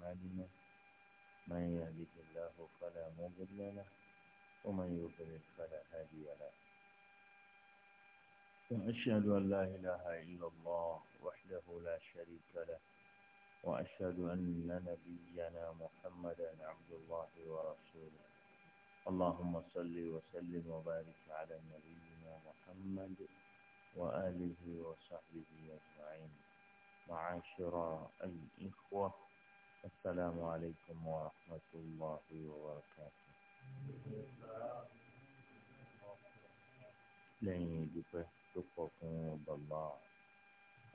محمد من يهده الله فلا مضل له ومن يضلل فلا هادي له وأشهد أن لا إله إلا الله وحده لا شريك له وأشهد أن نبينا محمدا عبد الله ورسوله اللهم صل وسلم وبارك على نبينا محمد وآله وصحبه أجمعين معاشر الإخوة السلام عليكم ورحمة الله وبركاته lẹ́yìn ìdúpẹ́ tó pọ̀ fún ọba Allah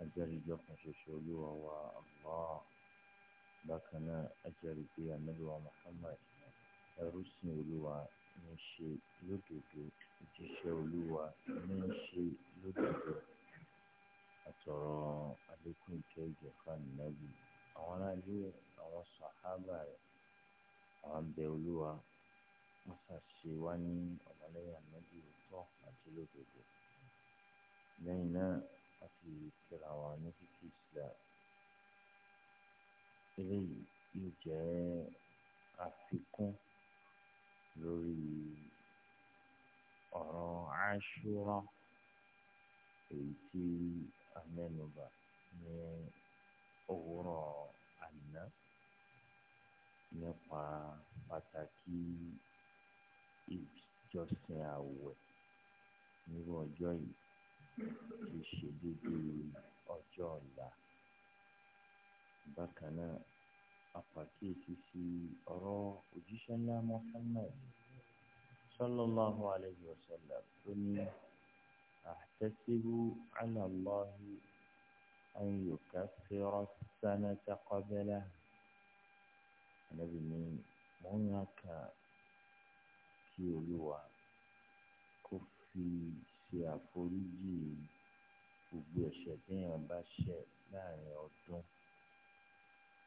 ajẹ́rìíjọ́ kan ṣoṣo olúwa wa Allah bákan náà ajẹ́rìí pé àmẹ́lúwa Muhammad ẹrú sìn olúwa ní ṣe lódodo ìjíṣẹ́ olúwa ní ṣe lódodo àtọ̀rọ̀ àlékún ìkẹ́ ìjẹ̀fà nìyẹ́bí àwọn aráàlú rẹ̀ àwọn sàhábà rẹ̀ àwọn abẹ olúwa ṣàṣe wá ní ọ̀mọlẹ́yìn ànábì òótọ́ àti lódodo lẹ́yìn náà a ti kíra wa ní kíkí islam eléyìí yóò jẹ́ àfikún lórí ọ̀rọ̀ aṣúra èyí tí a ní òwúrọ̀ zina nípa pàtàkì ìjọsìn àwẹ̀ nírú ọjọ́ yìí ti ṣe déédéé ọjọ́ ọ̀la. Bákan náà, apàkíyèsí sí ọ̀rọ̀ òjíṣẹ́ ńlá Muhammad sallallahu alayhi wa sallam tó ní àtẹ́síbú ala أن يكفر السنة قبله النبي من هناك kí olúwa kó fi ṣe àforíjì gbogbo ẹ̀ṣẹ̀ téèyàn bá ṣẹ̀ láàrin ọdún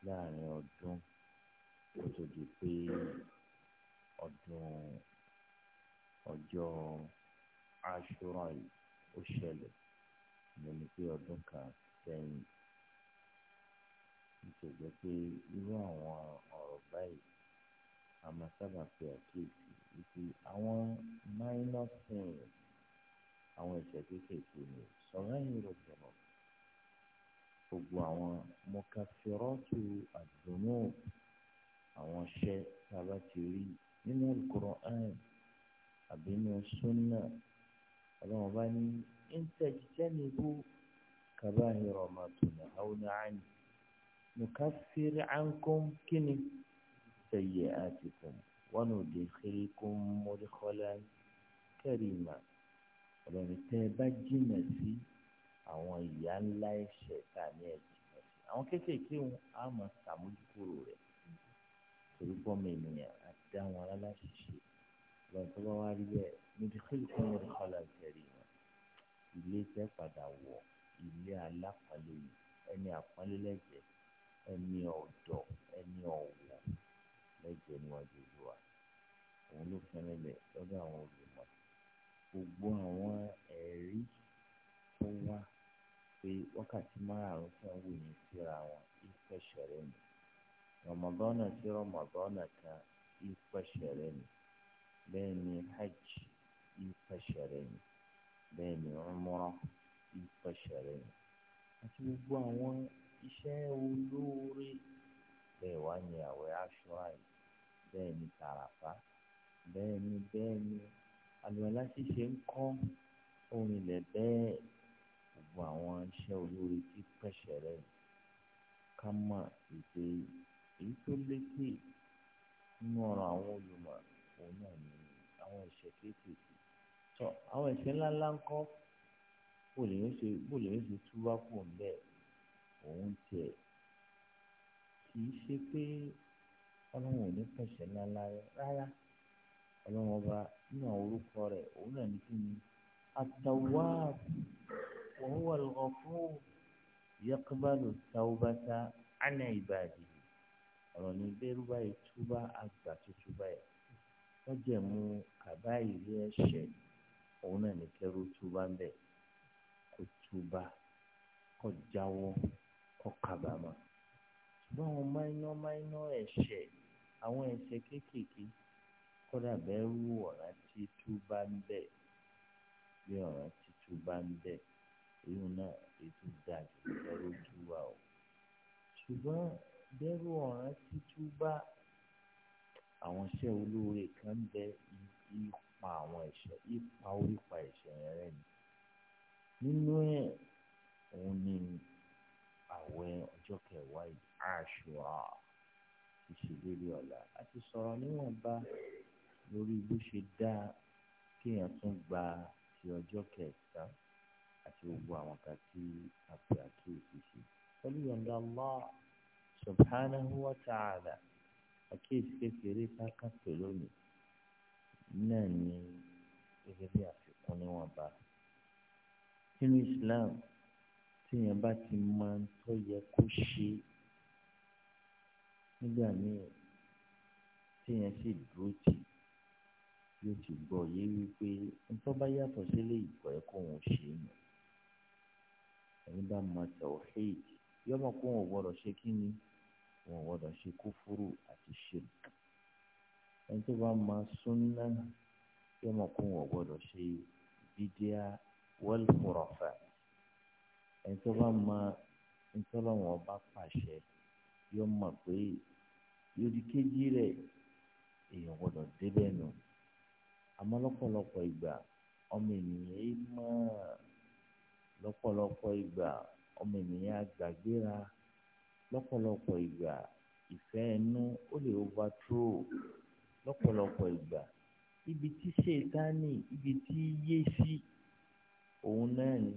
láàrin ọdún kó tó di pé ọdún ọjọ́ aṣọ́ra yìí ó ṣẹlẹ̀ ìyẹn ni pé ọdún kan sẹ́yìn nítorí jẹ́ pé irú àwọn ọ̀rọ̀ báyìí a máa sábà fi àkíyèsí wípé àwọn minor sins àwọn ẹ̀ṣẹ̀ kéékèèké ni sọ̀rọ̀ yìí rẹ̀ jọ̀rọ̀ gbogbo àwọn mọ̀kàfẹ́rọ́tù àdùnnú àwọn iṣẹ́ tá a bá ti rí nínú Al-Qur'an àbí nínú Sunnah ọlọ́run bá ní ń tẹ̀jú jẹ́ níbú. كبائر ما تنهون عنه نكفر عنكم كني سيئاتكم وندخلكم مدخلا كريما ọlọ́ni tẹ́ ẹ bá jìnà sí àwọn ìyá ńlá ẹ̀ṣẹ̀ tá a ní ẹ jìnà sí àwọn kéékèèké wọn á máa ṣàmójúkúrò rẹ̀ torí bọ́mọ ènìyàn àti wọn aláṣìṣe ọlọ́ni tó wá rí bẹ́ẹ̀ níbi kílùkù ní ọ̀rẹ́ kọ́lá ń wọn ilé tẹ́ padà wọ̀ ilé ala ni ẹni àpọ́nlé lẹ́jẹ̀ ẹni ọ̀dọ̀ ẹni ọ̀wọ̀ lẹ́jẹ̀ níwájú olúwa òun ló fẹ́rẹ̀ lẹ̀ lọ́dọ̀ àwọn olùmọ̀ gbogbo àwọn ẹ̀rí tó wá pé wákàtí márùn-ún mara wò yín síra wọn ni rọmọdọ́nà sí rọmọdọ́nà kan ìpẹ́sẹ̀rẹ́ ni bẹ́ẹ̀ ni hajj ìpẹ́sẹ̀rẹ́ ni bẹ́ẹ̀ ni ìfẹsẹ̀rẹ̀ àti gbogbo àwọn iṣẹ́ olóore bẹ́ẹ̀ wá ní àwẹ̀ aṣọra yìí bẹ́ẹ̀ ni tàràfà bẹ́ẹ̀ ni bẹ́ẹ̀ ni àlùwàlá ṣíṣe ń kọ́ ohun ilẹ̀ bẹ́ẹ̀ gbogbo àwọn iṣẹ́ olóore tí pẹ̀sẹ̀rẹ̀ ká mọ̀ èdè èyí tó lékè nínú ọ̀rọ̀ àwọn olùmọ̀ òun náà ni àwọn ìṣẹ̀ kéékèèké tọ́ àwọn ìṣẹ̀ ńláńlá ń kọ́ bó lè ń ṣe bó lè ń ṣe túbá kù ńbẹ òun tiẹ̀ kì í ṣe pé ọlọ́run ò ní pẹ̀sẹ̀ ńláńlá rárá ọlọ́run ọba nínú àwọn orúkọ rẹ̀ òun náà ní kí ni at-Tawwab wa huwa al-Ghafur yaqbalu at-tawbata 'an 'ibadihi báyìí túbá àgbà tó túbá wọ́n jẹ̀ mú kàbáyé ẹ̀ṣẹ̀ òun náà ní kẹrù túbá ń bẹ̀ túbà kó jáwọ́ kó kábàámọ̀ ṣùgbọ́n àwọn máínà máínà ẹ̀ṣẹ̀ àwọn ẹ̀ṣẹ̀ kéékèèké kódà bẹ́ẹ̀ rú ọ̀rá tí túbà ń bẹ̀ bí ọ̀rá tí túbà ń bẹ̀ èyí náà ètò dáa jù lọ́rọ́ túbà o ṣùgbọ́n bẹ́rù ọ̀ràn títú bá àwọn iṣẹ́ olóore kan bẹ ipa àwọn ẹ̀ṣẹ̀ ipa orípa ẹ̀ṣẹ̀ yẹn rẹ̀ ni nínú ẹ̀ òun ni àwẹ̀ ọjọ́ kẹwàá yìí àṣùwà ìṣèlérí ọ̀la àti sọ̀rọ̀ níwọ̀nba lórí bó ṣe dáa kéèyàn tún gba ti ọjọ́ kẹsàn-án àti gbogbo àwọn kan tí a pè àkíyèsí sí. pẹ̀lú yọ̀ǹda Allah subhanahu wa ta'ala àkíyèsí kékeré káàkiri lónìí náà ni gẹ́gẹ́ bí àfikún níwọ̀nba nínú Islam tíyẹn bá ti máa ń tó yẹ kó ṣe nígbà míì tíyẹn sì dúró tì yóò ti gbọ́ yé wípé nítorí bá yàtọ̀ sílé ìgbọ́ ẹ̀ kó òun ṣe é ẹni bá mọ tawhid yọmọ kó wọn gbọ́dọ̀ ṣe kí ni wọn gbọ́dọ̀ ṣe kúfúrú àti ṣirk ẹni tó bá mọ súnná yọmọ kó wọn gbọ́dọ̀ ṣe bídíà wal-khurafa ẹni ma bá mọ ntọ́lọ́wọ́n ọba pàṣẹ yọ mọ̀ pé yòdì kejì rẹ̀ èèyàn gbọ́dọ̀ débẹ̀ nù àmọ́ lọ́pọ̀lọpọ̀ ìgbà ọmọ ènìyàn yìí lọ́pọ̀lọpọ̀ ìgbà ọmọ ènìyàn àgbàgbéra lọ́pọ̀lọpọ̀ ìgbà ìfẹ ẹnu ó lè ìgbà ibi tí ibi tí yé òun náà ni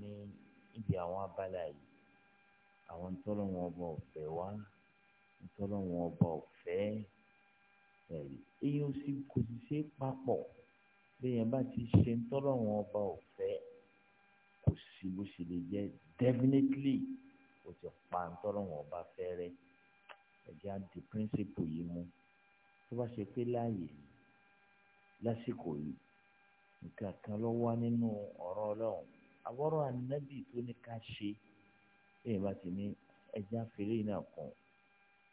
ibi àwọn abala yìí àwọn ntọ́lọ́wọ́n ọba ọ̀fẹ́ wa ntọ́lọ́wọ́n ọba ọ̀fẹ́ ẹ̀rí èyí ò sì kò sì ṣe é papọ̀ bẹ́ẹ̀ bá ti ṣe ntọ́lọ́wọ́n ọba ọ̀fẹ́ kò sí bó ṣe lè jẹ́ definitely o ti pa ntọ́lọ́wọ́n ọba fẹ́rẹ́ ẹ̀jẹ̀ àti principle yìí mú tó bá ṣe pé láàyè lásìkò yìí nǹkan kan ló wá nínú ọ̀rọ̀ ọlọ́run àwọ̀rọ̀ ànábì tó ní ká ṣe bẹ́ẹ̀ bá ti ní ẹja fèrè náà kàn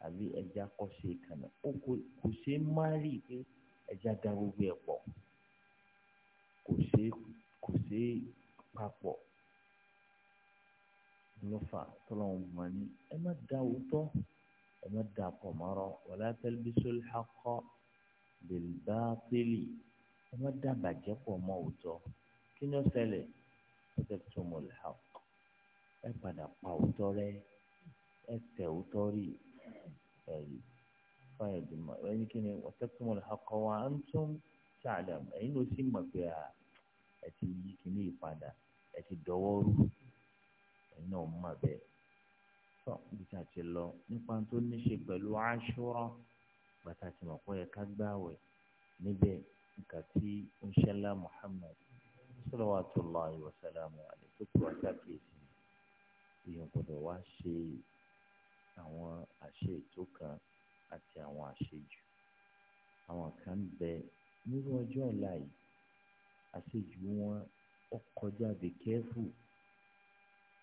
àbí ẹja kọ́ṣe ìkànnà ó kò ṣe é má rí i pé ẹja da gbogbo ẹ̀ pọ̀ kò ṣe é kò ṣe é papọ̀ lọ́fà tọ́lọ́run mọ̀ ní ẹ má da òótọ́ ẹ má da pọ̀ mọ́rọ́ wala talbisul haqqa bil batili ẹ má dàgbà jẹ́ pọ̀ mọ́ òótọ́ kí ni ó ṣẹlẹ̀ ó tẹ̀ tó mọ̀ lẹ́hàá ẹ padà pa òótọ́ rẹ ẹ tẹ̀ òótọ́ rí ẹ̀rí fáyọ̀ dùnmọ̀ ẹni kí ni wọ́n tẹ̀ tó mọ̀ lẹ́hàá kọ́ wa ń tún ṣàdàm ẹ̀yin ló sì mọ̀ pé ah, ẹ ti yí kíní ìpadà ẹ ti dọwọ́ rú ẹ̀yin náà mọ̀ bẹ́ẹ̀ tọ́ bí ká ti lọ nípa tó ní ṣe pẹ̀lú aṣọ́rọ̀ bàtà tí mo kọ́ yẹ ká gbáwẹ̀ níbẹ̀ nǹkan tí oníṣẹ́lá Muhammad salawatullahi wa salamu alayhi tó kúrò àtàkìyèsí èèyàn gbọ́dọ̀ wá ṣe àwọn àṣe ètò kan àti àwọn àṣejù àwọn kan ń bẹ nínú ọjọ́ ọ̀la yìí àṣejù wọn ó kọjá bí kẹ́fù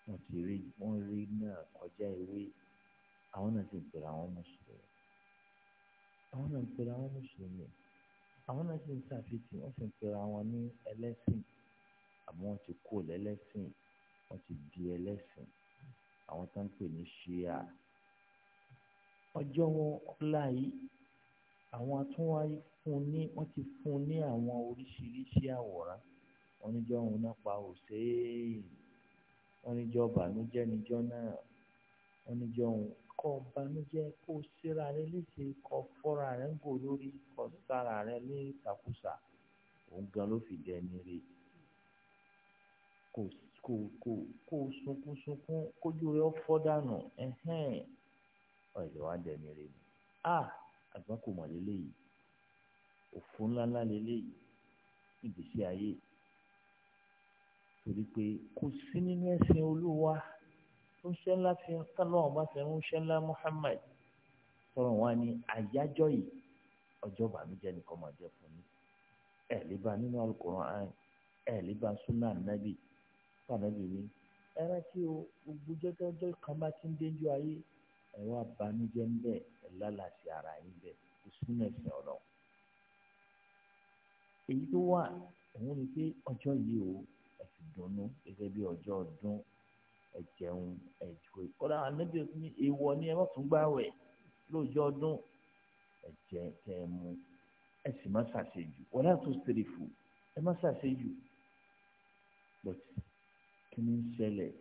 wọn ti rí wọn rí náà kọjá ewé àwọn náà ti ń àwọn mùsùlùmí àwọn náà ń àwọn mùsùlùmí àwọn náà sì ń ṣàfihàn wọ́n sì ń pera wọn ní ẹlẹ́sìn àmọ́ wọ́n ti kó lẹ́lẹ́sìn wọ́n ti di ẹlẹ́sìn àwọn tó ń pè ní ṣíà ọjọ́ wọn láàyè àwọn atúnwá fún ní wọ́n ti fún ní àwọn oríṣiríṣi àwòrán wọ́n níjọ́ òun náà pa òṣèé wọ́n níjọ́ bànújẹ́ níjọ́ náà wọ́n níjọ́ òun kọ́ banújẹ́ kó síra rẹ léṣe kọ́ fọ́ra rẹ ń gò lórí kọ́ sára rẹ ní ìtàkùsà òun gan ló fìdí ẹni rè kò kò kò kò sunkún sunkún kójú rẹ fọ́ dànù ẹ̀hẹ́n ọ̀rẹ́ wa dẹ̀ni rè ni a àgbọn kò mọ̀ lélẹ́yìí òfò ńláńlá lélẹ́yìí ìgbésí ayé torí pé kò sí nínú ẹ̀sìn olúwa ó ṣe ńlá fi tánà ọba fi ń ṣe ńlá Muhammad sọ̀rọ̀ wọn ni àyájọ́ yìí ọjọ́ bàmíjẹ́ nìkan máa jẹ fún mi ẹ̀ lébà nínú Al-Qur'an ẹ̀ lébà súnà nàbì fànàbì mi ẹ rántí o gbogbo jẹ́jọ́jọ́ kan bá ti ń déjú ayé ẹ wá bàmíjẹ́ ń bẹ̀ ẹ lálàsì ara yín bẹ̀ kò sínú ẹ̀sìn ọ̀rọ̀ èyí tó wà òun ni pé ọjọ́ yìí o ẹ fi dùnnú gẹ́gẹ́ bí ọjọ́ ọdún ẹ jẹun ẹ jùwé kódà ànábì ní ìwọ ni ẹ má tún gbààwẹ̀ lóòjọ́ ọdún ẹ jẹ kẹ ẹ mu ẹ sì má ṣàṣejù wọlé àtúnṣerìfù ẹ má ṣàṣejù bọ̀tì kí ni ń ṣẹlẹ̀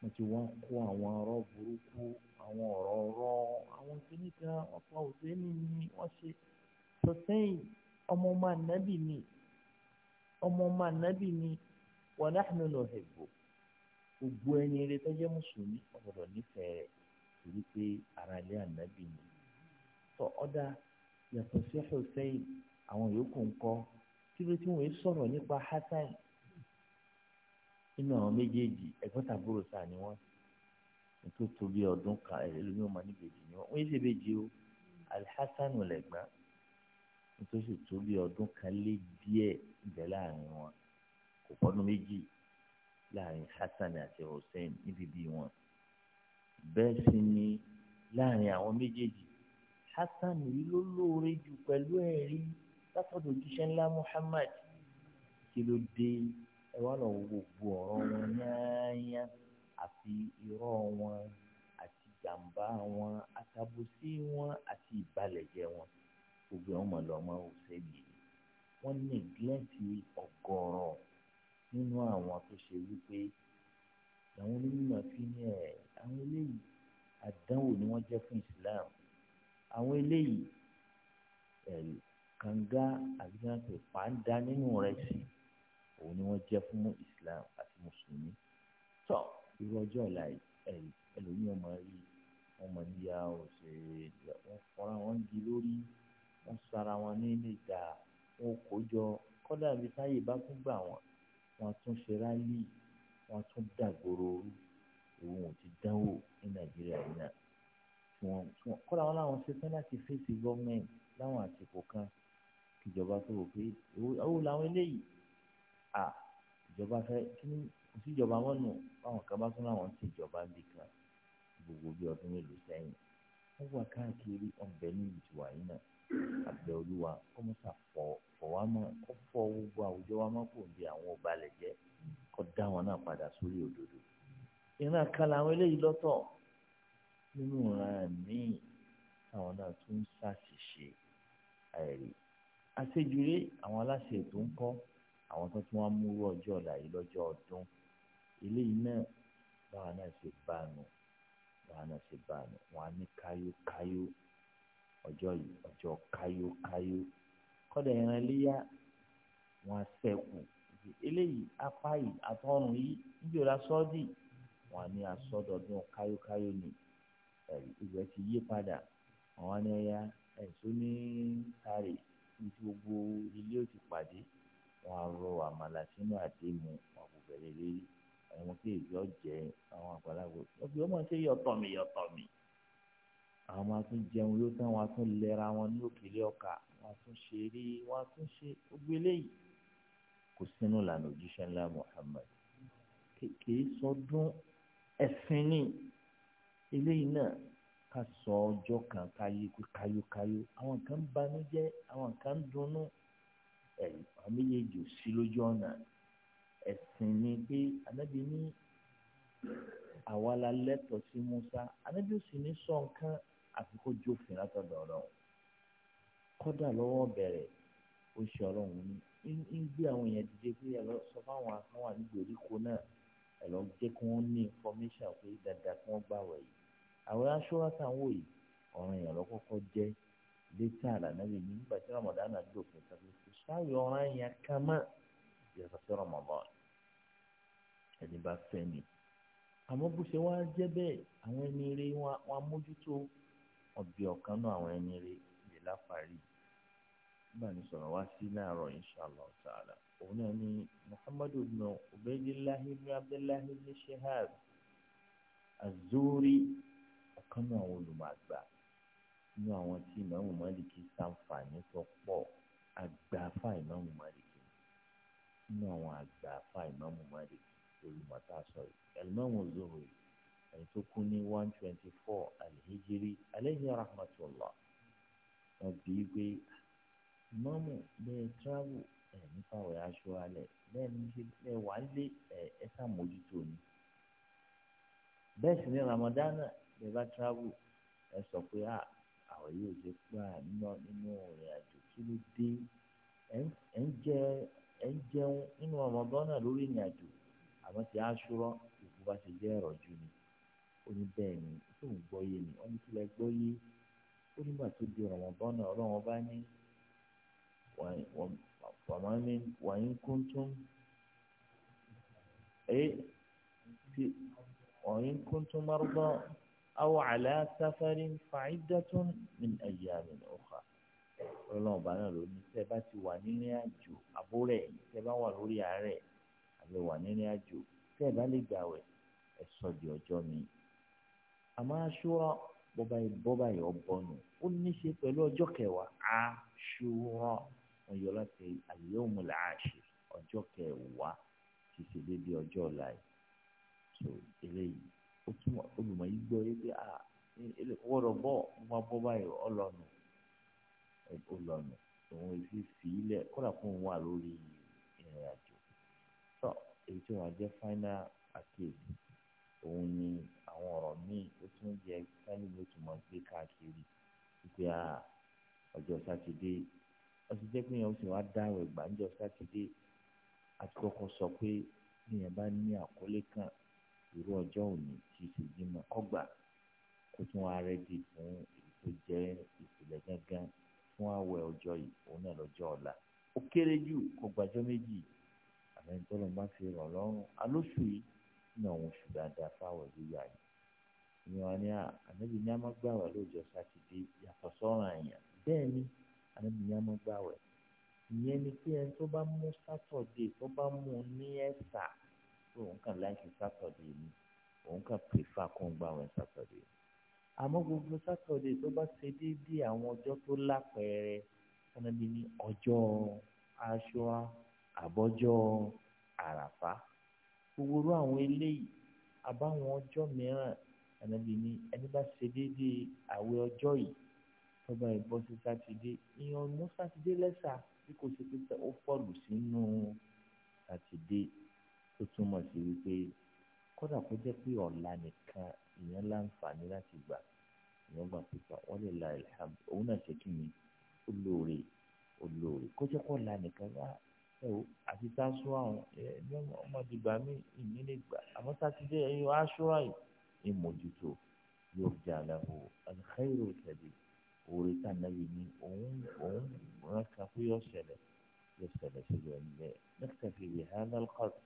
wọ́n ti wá kó àwọn ọ̀rọ̀ burúkú àwọn ọ̀rọ̀ ọ̀rọ̀ àwọn kìnnìkà wọ́n pa òṣèlú ni wọ́n ṣe sọ ọmọ ọmọ ànábì ni ọmọ ọmọ ànábì ni wa nahnu nuhibbu gbogbo ẹni eré tó jẹ́ mùsùlùmí ọ̀gbọ̀dọ̀ nífẹ̀ẹ́ rẹ̀ torí pé ara ilé ànábì ni. tọ ọ̀dà yàtọ̀ sí Hussein àwọn yòókù ń kọ́ kí tí wọ́n sọ̀rọ̀ nípa Hasan nínú àwọn méjèèjì ẹ̀gbọ́n tàbúrò sáà ni wọ́n tó tóbi ọdún kan ẹlòmíràn máa níbejì ni wọ́n wọ́n yé ṣèbejì o Al-Hasan lẹ̀gbọ́n tó sì tóbi ọdún kan lé díẹ̀ ìbẹ̀ láàrin wọn kò pọ́dún méjì láàrin Hasan àti Hussein níbi bí wọn bẹ́ẹ̀ sì ni láàrin àwọn méjèèjì Hasan yìí ló lóore jù pẹ̀lú ẹ̀rí látọ̀dọ̀ jíṣẹ́ ńlá Muhammad kí ló dé ẹ wá lọ wo gbogbo ọ̀rọ̀ wọn yáyá àti irọ́ wọn àti jàǹbá wọn àtàbùsí wọn àti ìbàlẹ̀jẹ́ wọn gbogbo ọmọ lọ́mọ Hussein yìí wọ́n ní ìgbìyànjú ọgọ́rọ̀ nínú àwọn tó ṣe wípé àwọn onímọ̀ fi ní ẹ̀ àwọn eléyìí àdánwò ni wọ́n jẹ́ fún Islam àwọn eléyìí ẹ̀rí kànga àbíyànjẹ pàǹdà nínú rẹ̀ sí òun ni wọ́n jẹ́ fún Islam àti mùsùlùmí tọ́ irú ọjọ́ ọ̀la ẹ̀rí ẹlòmíì ọmọ rí wọn mọ̀ níyà ọ̀sẹ̀ wọn fọ́nra wọn di lórí wọn sara wọn ní ilé ìta wọn kò jọ kọ́dà bíi táyé bá tún gbà wọn wọ́n tún ṣe rálì wọ́n tún dàgbòrò òun ò ti dánwò ní nàìjíríà yìí náà tí wọ́n tí wọ́n kọ́ra wọn láwọn ṣe tán láti fèsì gọ́ọ̀mẹ̀ntì láwọn àsìkò kan kíjọba tó rò pé owó làwọn eléyìí à ìjọba fẹ́ kí ni kò sí ìjọba mọ́nù báwọn kan bá tún láwọn ń ṣèjọba níbi kan gbogbo bí ọdún mélòó sẹ́yìn ó wà káàkiri ọ̀bẹ ní ìtura yìí náà àbẹ̀ olúwa kó mú sàfọ̀ fọ̀wá mọ́ kó fọ gbogbo àwùjọ wa mọ́ kò di àwọn ọba alẹ̀ jẹ́ kó dá wọn náà padà sórí òdodo ìran kan làwọn eléyìí lọ́tọ̀ nínú ìran míì táwọn náà tún ń ṣàṣìṣe àìrí àṣejúre àwọn aláṣẹ ètò ń kọ́ àwọn tó tún wá múrú ọjọ́ ọ̀la yìí lọ́jọ́ ọdún eléyìí náà báwa náà ṣe bá a nù. subhanahu si wọn á kayo kayo ọjọ yìí kayo káyókáyó kọ́dà ìran iléyà wọn á sẹ́kù eléyìí apá yìí àtọ́rùn yìí níjọra sọ́ọ́dì wọn á ní kayo káyókáyó ni ìgbẹ́ ti yí padà ni ọ̀ya ẹ̀sùn ní sáré gbogbo ilé ti pàdé wọn àmàlà sínú àwọn tí èyí ọjẹ àwọn àgbàlagbà ọbẹ ọmọ ṣe yọtọ mi yọtọ mi àwọn máa tún jẹun yóò tán wọn á tún lẹra wọn ní òkèlè ọkà wọn á tún ṣe eré wọn tún ṣe gbogbo eléyìí kò sínú ìlànà òjíṣẹ́ ńlá Muhammad kìí sọdún ẹ̀sìn ní eléyìí náà ká sọ ọjọ́ kan káyé kó káyókáyó àwọn kan banújẹ́ àwọn kan dunnú ẹ̀ àwọn méjèèjì ò sí lójú ọ̀nà ẹ̀sìn ni pé anábì ní àwa la lẹ́tọ̀ọ́ sí Musa anábì sì ní sọ nǹkan àfi kó jófin látọ̀dọ̀ ọlọ́run kọ́dà lọ́wọ́ bẹ̀rẹ̀ ó ṣe ọlọ́run ní ń gbé àwọn èèyàn dìde pé ẹ lọ sọ fáwọn akọ́wà ní gbèríko náà ẹ lọ jẹ́ kí wọ́n ní information pé dáadáa kí wọ́n gbà wẹ̀ yìí àwọn aṣọ́ra táwọn yìí ọ̀ràn èèyàn lọ kọ́kọ́ jẹ́ létí àlànà yìí nígbà tí Ramadan dòfin tàbí ṣáàyè ọ̀ràn yẹn kan mọ́ yàtọ̀ sí Ramadan ẹni bá fẹ́ ni àmọ́ bó ṣe wá jẹ́ bẹ́ẹ̀ àwọn ẹni rẹ wọn amójútó ọbẹ̀ ọ̀kan náà àwọn ẹni rẹ lè láfàárí nígbà ní sọ̀rọ̀ wá sí láàárọ̀ inshàlá ta'ala òun náà ni muhammadu ibn ubaydillahi ibn abdullahi ibn shihab azuri ọ̀kan náà àwọn olùmọ̀gbà nínú àwọn tí ìmọ̀ mọ̀lìkì sàǹfààní tó pọ̀ àgbà fáìmọ̀ mọ̀lìkì. nínú àwọn àgbà afa ìmáàmù máàlì olùmọ̀tà sọ̀rọ̀ ẹ̀lmọ́mù zohri ẹni tó kú ní one twenty four alhijiri aleyhi rahmatulah wọn bí i pé ìmáàmù bẹ́ẹ̀ tíráàbù ẹ̀ nípa ọ̀rẹ́ aṣọ alẹ̀ bẹ́ẹ̀ ní ṣe bẹ́ẹ̀ wà ramadana bẹ́ẹ̀ bá sọ pé yóò ṣe pé nínú àjò kí ẹ ń jẹun nínú Ramadan náà lórí ìrìn àjò àmọ́ ti Àṣúrà òkú bá ṣe jẹ́ ìrọ̀jú ni ó ní bẹ́ẹ̀ ni tó ń gbọ́ yé ni ó ní kílẹ̀ gbọ́ yé ó nígbà tó di Ramadan náà ọlọ́run bá ní wàyí kúntùn ẹ ti wàyí kúntùn márùbọ́ aw ala safarin fa'idatun min ayyamin ukhra ọlọ́run ọba náà ló ní tẹ́ bá ti wà nínú àjò àbúrẹ̀ tẹ́ bá wà lórí àárẹ̀ àbẹ̀ wà nínú àjò tẹ́ bá lè gbà wẹ̀ ẹ sọ di ọjọ́ mi. àmọ́ aṣúra bọ́bá bọ́bá yọ bọ́nu ó ní í ṣe pẹ̀lú ọjọ́ kẹwàá aṣúra wọn yọ láti al-yawmul ashir ọjọ́ kẹwàá ti ṣe déédéé ọjọ́ ọ̀la yìí. so eléyìí ó túmọ̀ olùmọ̀ yìí gbọ́ yé pé ah wọ́rọ̀ bọ́ wọn ó lọ́nà òun èsì sílẹ̀ kọ́dà fún òun wà lórí ìrìn àjò tó èyí tí wọ́n jẹ́ final àkéèdè òun ni àwọn ọ̀rọ̀ míì ó tún yẹ sálí ló tún mọ̀ gbé káàkiri wípé a ọjọ́ sátidé wọ́n ti jẹ́ pé yẹn ó sì wá dáwọ̀ ìgbà ńjọ́ sátidé àti kọ́kọ́ sọ pé bí yẹn bá ní àkọlé kan irú ọjọ́ òní ti ṣèjìmọ̀ kọ́gbà kó tún wá rẹ́dì fún èyí tó jẹ́ ìpìlẹ̀ gángan. fún àwẹ̀ ọjọ́ yìí òun náà lọ́jọ́ ọla ó kéré jù kó gbàjọ́ méjì àmì tọ́lọ̀ bá fi ràn lọ́rùn alóṣù yìí ní àwọn oṣù dáadáa fáwọ̀ yíyá yìí ìyẹn wa ní ànábì ní amágbáwẹ̀ lóòjọ́ sátidé yàtọ̀ sọ́ràn àyàn bẹ́ẹ̀ ni ànábì ní amágbáwẹ̀ ìyẹn ni pé ẹni tó bá mú sátọ̀dé tó bá mú ní ni òun kàn pèfà kó ń ni. àmọ́ gbogbo sátọ̀dẹ̀ tó bá ṣe déédéé àwọn ọjọ́ tó lápẹẹrẹ ọ̀nàbí ní ọjọ́ aṣọ àbọ́jọ́ àràfá gbogbo àwọn eléyìí àbáwọn ọjọ́ mìíràn ọ̀nàbí ní ẹni bá ṣe déédéé àwẹ̀ ọjọ́ yìí tó bá ìbọn sí sátidé ìyọ̀n mú sátidé lẹ́sà bí kò ṣe pé ó fọ̀lù sínú sátidé tó túmọ̀ sí wípé kódà kó jẹ́ pé ọ̀la nìkan ìyẹn láǹfààní láti gbà ìyẹn gbà pípa wọn lè la ìlàhàmù òun náà ṣe kí ni olóore olóore kó jẹ́ kó la nìkan wá ẹ o àti táṣọ àwọn ẹ ní ọmọdé gbà mí ìní lè gbà àmọ́ sátidé ẹ̀yìn aṣọra yìí ìmójútó yóò fi àlàfo àlùkàìrò tẹ̀lé orí tànàbí ni òun òun rántí pé yóò ṣẹlẹ̀ yóò ṣẹlẹ̀ sílẹ̀ nílẹ̀ نكتفي بهذا القدر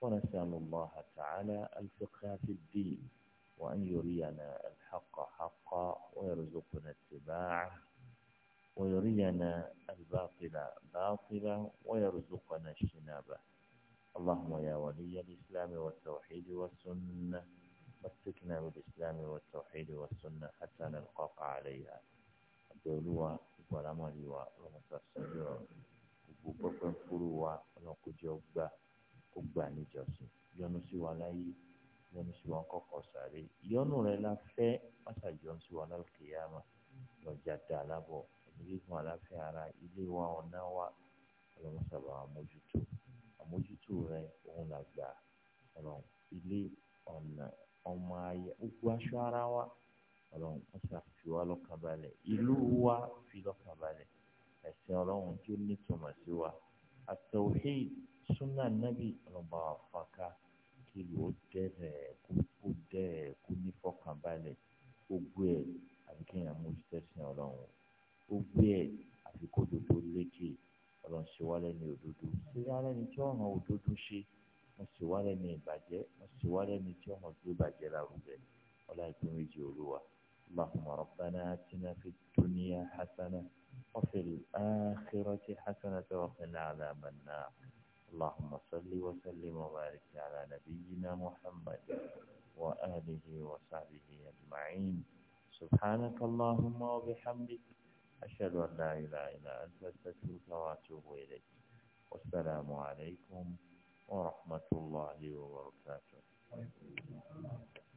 ونسأل الله تعالى الفقه في الدين وأن يرينا الحق حقا ويرزقنا اتباعه ويرينا الباطل باطلا ويرزقنا اجتنابه اللهم يا ولي الإسلام والتوحيد والسنة مسكنا بالإسلام والتوحيد والسنة حتى نلقاك عليها الدولوة والعملوة والمتسجوة gbogbo pẹ́ńpúrú wa ọlọ́kùnjọ́ gbà ó gbà yọ́nú sí wọn kọ́kọ́ sáré yọ́nú rẹ la fẹ́ mọ́sàjọ́ sí wọn lálùkìyàmà lọ́jà dá alábọ̀ ẹ̀mí gígùn aláfẹ́ ara ilé wa ọ̀nà wa ọlọ́mọsàbà àmójútó àmójútó rẹ òun là gbà ọlọ́run ilé ọ̀nà ọmọ ayé gbogbo aṣọ ara wa ọlọ́run wọ́n ṣàfi wá lọ́kàn balẹ̀ ìlú wa fi lọ́kàn balẹ̀ ẹ̀sìn ọlọ́run tí ó wa àtọ̀wé súnà nábì ọlọ́ba àfọ̀ká kílù ó dẹrẹ kó kó dẹrẹ kó ní fọkànbalẹ̀ gbogbo ẹ àfi kéèyàn mú tẹsán Ọlọ́run gbogbo ẹ àfi kó dodo lékè Ọlọ́run ṣe wá lẹ́ni òdodo ṣe wá lẹ́ni tí ọ̀ràn òdodo ṣe wọn ṣe wá lẹ́ni wọn ṣe wá tí ọ̀ràn tó bàjẹ́ lárugẹ ọlá ìpín méjì olúwa اللهم ربنا آتنا في الدنيا حسنة وفي الآخرة حسنة وقنا عذاب النار اللهم صل وسلم وبارك على نبينا محمد وآله وصحبه أجمعين سبحانك اللهم وبحمدك أشهد أن لا إله إلا أنت أستغفرك وأتوب إليك والسلام عليكم ورحمة الله وبركاته